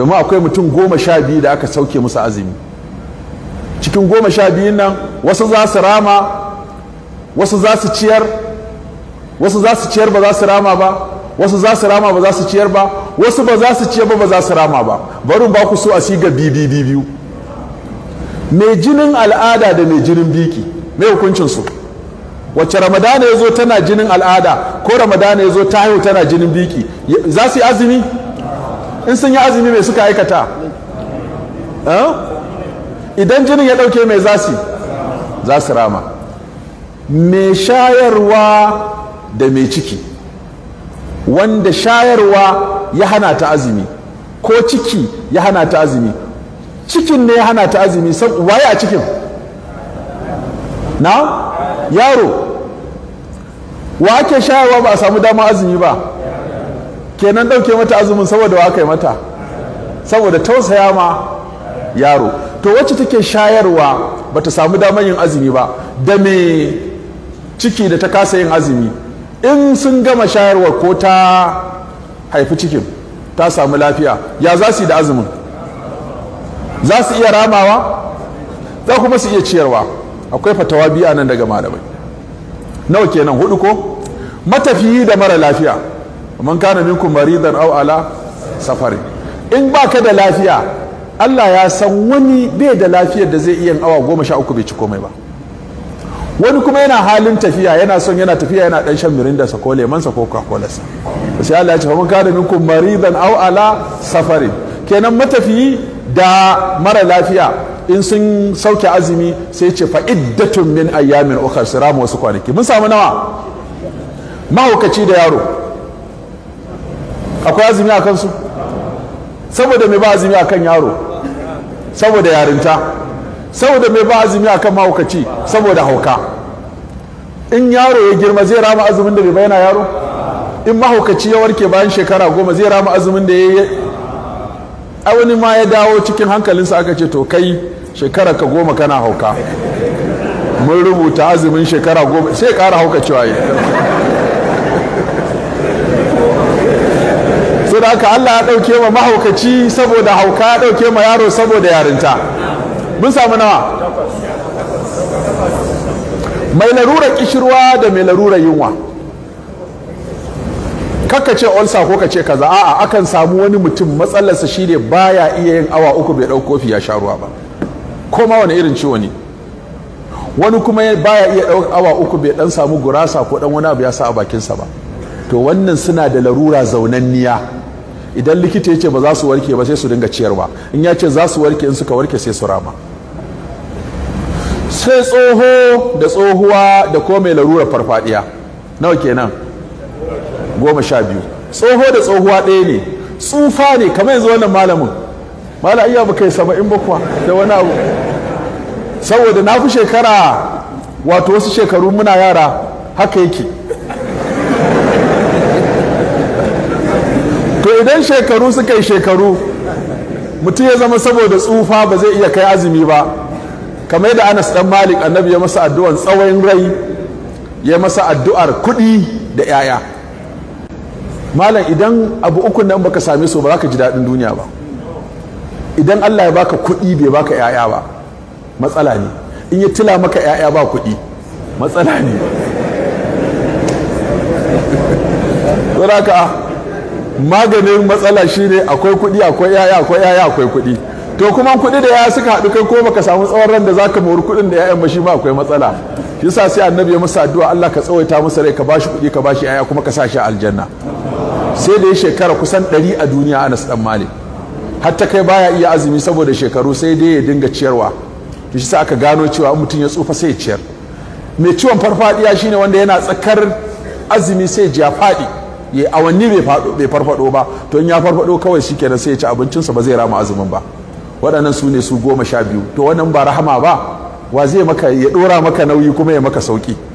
domin akwai mutum goma sha biyu da aka sauke musu azumi cikin goma sha biyun nan wasu za su rama wasu za su ciyar wasu za su ciyar ba za su rama ba wasu za su rama ba za su ciyar ba wasu ba za su ciyar ba ba za su rama ba barin ba ku so a siga bibi biyu mai jinin al'ada da mai jinin biki mai hukuncin su wacce ramadana ya zo tana jinin al'ada ko ramadana ya zo ta tana jinin biki za su yi azumi in sun yi azumi mai suka aikata idan jinin ya ɗauke mai zasi za su rama mai shayarwa da mai ciki wanda shayarwa ya hana ta azumi ko ciki ya hana ta azumi cikin ne ya hana ta azumi waye a cikin na yaro wa ake shayarwa ba a samu dama azumi ba kenan ɗauke mata azumin saboda wa aka yi mata saboda tausaya ma yaro to wacce take shayarwa bata samu damar yin azumi ba da me ciki da ta kasa yin azumi in sun gama shayarwa ko ta haifi cikin ta samu lafiya ya za su yi da azumin za su iya ramawa za kuma su iya ciyarwa akwai fatawa biya nan daga malamai nawa kenan hudu ko matafiyi da mara lafiya man kana minkum maridan aw ala safari in baka da lafiya Allah ya san wani bai da lafiyar da zai iya awa goma sha uku bai ci komai ba wani kuma yana halin tafiya yana son yana tafiya yana dan shan mirinda sa ko leman sa ko coca sa sai Allah ya ce man kana minkum maridan aw ala safari kenan matafiyi da mara lafiya in sun sauke azumi sai ce fa iddatun min ayyamin ukhra siramu wasu kwanaki mun samu nawa mahaukaci da yaro akwai azumi a kansu saboda mai ba azumi a kan yaro saboda yarinta saboda mai ba azumi a kan mahaukaci saboda hauka in yaro ya girma zai rama azumin da bai bayyana yaro in mahaukaci ya warke bayan shekara goma zai rama azumin da ya yi a wani ma ya dawo cikin hankalinsa aka ce to kai shekara ka goma kana hauka mun rubuta azumin shekara goma sai ƙara hauka cewa yi so da haka Allah ya ɗauke ma mahaukaci saboda hauka ya ɗauke ma yaro saboda yarinta mun samu nawa mai larurar kishirwa da mai larurar yunwa kaka ce olsa ko ka ce kaza a'a akan samu wani mutum matsalarsa shine baya iya yin awa uku bai ɗau kofi ya sha ruwa ba ko ma wani irin ciwo ne wani kuma baya iya ɗau awa uku bai ɗan samu gurasa ko ɗan wani abu ya sa a bakinsa ba to wannan suna da larura zaunanniya idan likita ya ce ba za su warke ba sai su dinga ciyarwa in ya ce za su warke in suka warke sai su rama sai tsoho da tsohuwa da ko mai larura farfadiya nawa kenan goma sha biyu tsoho da tsohuwa ɗaya ne tsufa ne kamar yanzu wannan malamin mala iya ba kai saba'in bakwa da wani abu saboda na fi shekara wato wasu shekaru muna yara haka yake to idan shekaru suka yi shekaru mutum ya zama saboda tsufa ba zai iya kai azumi ba kamar da anas dan malik annabi ya masa addu'ar tsawon rai ya masa addu'ar kuɗi da 'ya'ya malam idan abu ukun nan baka sami su ba za ka ji daɗin duniya ba idan allah ya baka kuɗi bai baka 'ya'ya ba matsala ne in ya tila maka 'ya'ya ba kuɗi matsala ne maganin matsala shine akwai kuɗi akwai yaya akwai yaya akwai kuɗi to kuma kuɗi da yaya suka haɗu kai ko baka samu tsawon ran da zaka mori kuɗin da yayan ba shi ma akwai matsala yasa sai annabi ya masa addu'a Allah ka tsawaita masa rai ka bashi kuɗi ka bashi yaya kuma ka sa shi aljanna sai da ya shekara kusan ɗari a duniya Anas dan har ta kai baya iya azumi saboda shekaru sai dai ya dinga ciyarwa to shi sa aka gano cewa mutum ya tsufa sai ya ciyar mai ciwon farfadiya shine wanda yana tsakar azumi sai ya faɗi ya awanni bai farfado ba to in ya farfado kawai shi kenan sai ya ci sa ba zai rama azumin ba waɗannan su ne su goma sha biyu to wannan ba rahama ba wa zai maka ya ɗora maka nauyi kuma ya maka sauki